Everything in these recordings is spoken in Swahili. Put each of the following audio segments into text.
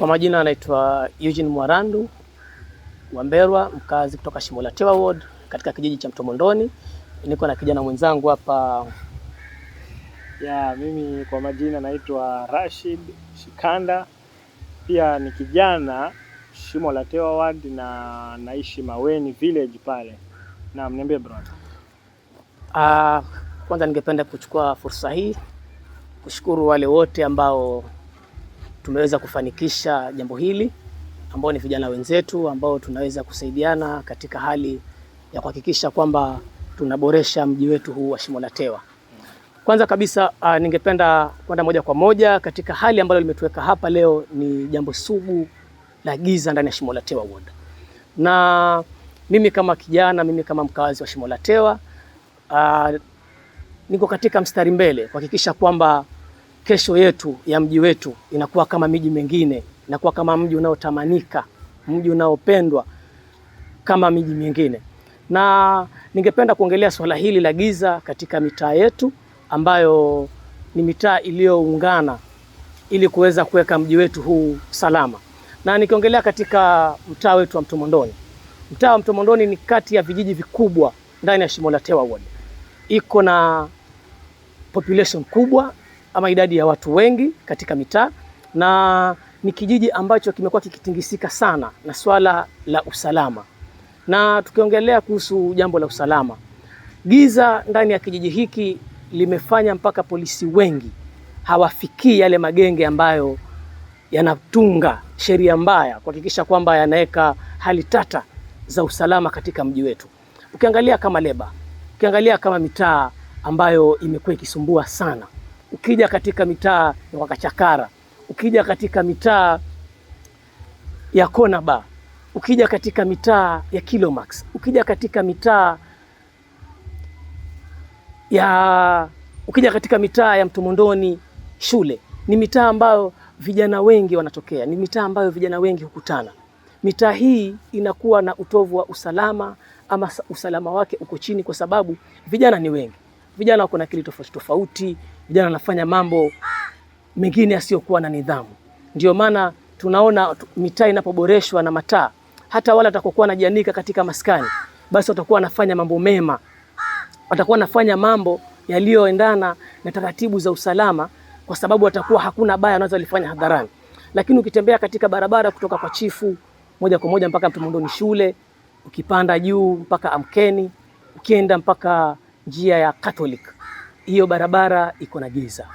Kwa majina anaitwa Eugene Mwarandu Mberwa, mkazi kutoka Shimolatewa Ward katika kijiji cha Mtomondoni. Niko na kijana mwenzangu hapa ya mimi kwa majina naitwa Rashid Shikanda, pia ni kijana Shimo la Tewa Ward na naishi Maweni Village pale. Naam, niambie brother. Ah, kwanza ningependa kuchukua fursa hii kushukuru wale wote ambao tumeweza kufanikisha jambo hili ambao ni vijana wenzetu ambao tunaweza kusaidiana katika hali ya kuhakikisha kwamba tunaboresha mji wetu huu wa Shimolatewa. Kwanza kabisa uh, ningependa kwenda moja kwa moja katika hali ambalo limetuweka hapa leo, ni jambo sugu la giza ndani ya Shimolatewa Ward. Na mimi kama kijana, mimi kama mkazi wa Shimolatewa uh, ah, niko katika mstari mbele kuhakikisha kwamba kesho yetu ya mji wetu inakuwa kama miji mingine, inakuwa kama mji unaotamanika, mji unaopendwa kama miji mingine. Na ningependa kuongelea swala hili la giza katika mitaa yetu ambayo ni mitaa iliyoungana ili kuweza kuweka mji wetu huu salama. Na nikiongelea katika mtaa wetu wa Mtomondoni, mtaa wa Mtomondoni ni kati ya vijiji vikubwa ndani ya Shimo la Tewa Ward, iko na population kubwa ama idadi ya watu wengi katika mitaa na ni kijiji ambacho kimekuwa kikitingisika sana na swala la usalama. Na tukiongelea kuhusu jambo la usalama, giza ndani ya kijiji hiki limefanya mpaka polisi wengi hawafikii yale magenge ambayo yanatunga sheria mbaya kuhakikisha kwamba yanaweka hali tata za usalama katika mji wetu. Ukiangalia kama leba, ukiangalia kama mitaa ambayo imekuwa ikisumbua sana Ukija katika mitaa ya Wakachakara, ukija katika mitaa ya Konaba, ukija katika mitaa ya Kilomax, ukija katika mitaa ya ukija katika mitaa ya Mtomondoni shule, ni mitaa ambayo vijana wengi wanatokea, ni mitaa ambayo vijana wengi hukutana. Mitaa hii inakuwa na utovu wa usalama ama usalama wake uko chini, kwa sababu vijana ni wengi, vijana wako na akili tofauti tofauti vijana wanafanya mambo mengine yasiyokuwa na nidhamu. Ndio maana tunaona mitaa inapoboreshwa na mataa, hata wale watakokuwa wanajianika katika maskani, basi watakuwa wanafanya mambo mema, watakuwa wanafanya mambo yaliyoendana na taratibu za usalama, kwa sababu watakuwa hakuna baya walifanya hadharani. Lakini ukitembea katika barabara kutoka kwa Chifu moja kwa moja mpaka Mtumondoni shule, ukipanda juu mpaka Amkeni, ukienda mpaka njia ya Catholic hiyo barabara iko na giza.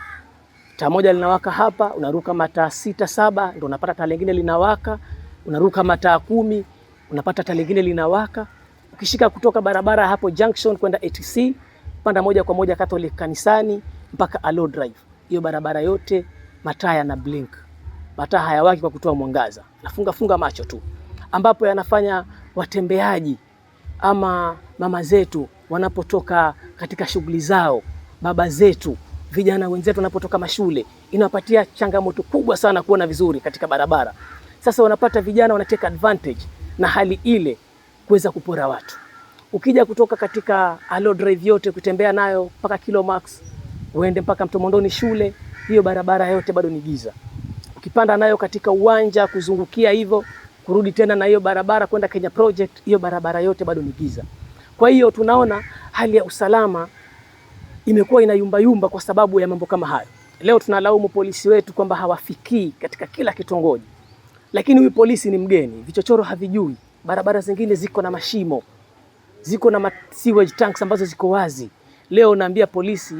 Taa moja linawaka hapa, unaruka mataa sita saba, ndio unapata taa lingine linawaka, unaruka mataa kumi, unapata taa lingine linawaka. Ukishika kutoka barabara hapo junction kwenda ATC, panda moja kwa moja Catholic kanisani mpaka Alo Drive, hiyo barabara yote mataa yana blink, mataa hayawaki kwa kutoa mwangaza, nafunga funga macho tu, ambapo yanafanya watembeaji ama mama zetu wanapotoka katika shughuli zao baba zetu, vijana wenzetu wanapotoka mashule, inawapatia changamoto kubwa sana kuona vizuri katika barabara. Sasa wanapata vijana wanateka advantage na hali ile kuweza kupora watu. Ukija kutoka katika Alo Drive yote kutembea nayo mpaka Kilomax, uende mpaka Mtomondoni shule, hiyo barabara yote bado ni giza. Ukipanda nayo katika uwanja kuzungukia hivyo, kurudi tena na hiyo barabara kwenda Kenya Project, hiyo barabara yote bado ni giza. Kwa hiyo tunaona hali ya usalama imekuwa inayumbayumba kwa sababu ya mambo kama hayo. Leo tunalaumu polisi wetu kwamba hawafikii katika kila kitongoji, lakini huyu polisi ni mgeni, vichochoro havijui, barabara zingine ziko na mashimo, ziko na sewage tanks ambazo ziko wazi. Leo naambia polisi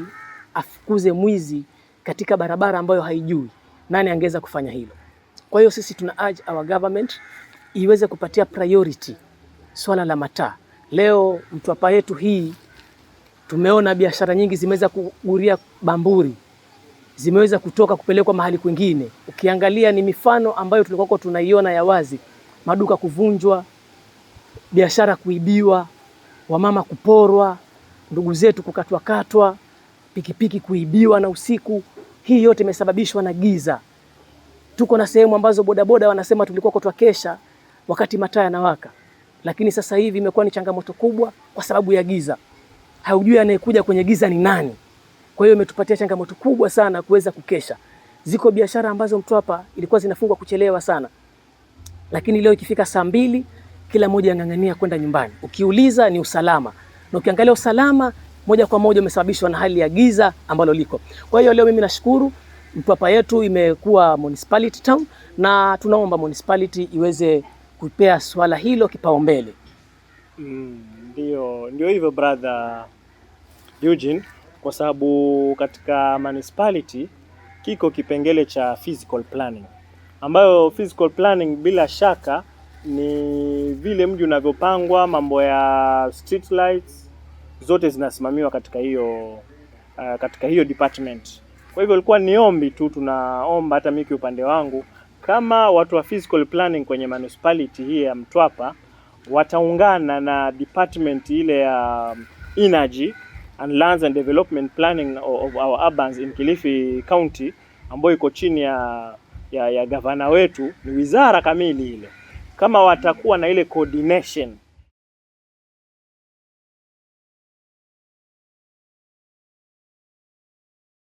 afukuze mwizi katika barabara ambayo haijui, nani angeweza kufanya hilo? Kwa hiyo sisi tuna urge our government iweze kupatia priority swala la mataa. Leo Mtwapa yetu hii Tumeona biashara nyingi zimeweza kuguria bamburi, zimeweza kutoka kupelekwa mahali kwingine. Ukiangalia ni mifano ambayo tulikuwa tunaiona ya wazi, maduka kuvunjwa, biashara kuibiwa, wamama kuporwa, ndugu zetu kukatwakatwa, pikipiki kuibiwa na usiku. Hii yote imesababishwa na giza. Tuko na sehemu ambazo bodaboda wanasema tulikuwa twakesha wakati mataa yanawaka, lakini sasa hivi imekuwa ni changamoto kubwa kwa sababu ya giza haujui anayekuja kwenye giza ni nani. Kwa hiyo imetupatia changamoto kubwa sana kuweza kukesha. Ziko biashara ambazo Mtwapa ilikuwa zinafungwa kuchelewa sana, lakini leo ikifika saa mbili kila mmoja ang'ang'ania kwenda nyumbani. Ukiuliza ni usalama, na ukiangalia usalama moja kwa moja umesababishwa na hali ya giza ambalo liko. Kwa hiyo leo mimi nashukuru Mtwapa yetu imekuwa municipality town, na tunaomba municipality iweze kupea swala hilo kipaumbele. Mm, ndio ndio hivyo brother Eugene kwa sababu katika municipality kiko kipengele cha physical planning, ambayo physical planning bila shaka ni vile mji unavyopangwa, mambo ya street lights zote zinasimamiwa katika hiyo uh, katika hiyo department. Kwa hivyo ilikuwa ni ombi tu, tunaomba hata mimi upande wangu kama watu wa physical planning kwenye municipality hii ya Mtwapa wataungana na department ile ya um, energy and lands and development planning of our urbans in Kilifi County ambayo iko chini ya, ya, ya gavana wetu, ni wizara kamili ile. Kama watakuwa na ile coordination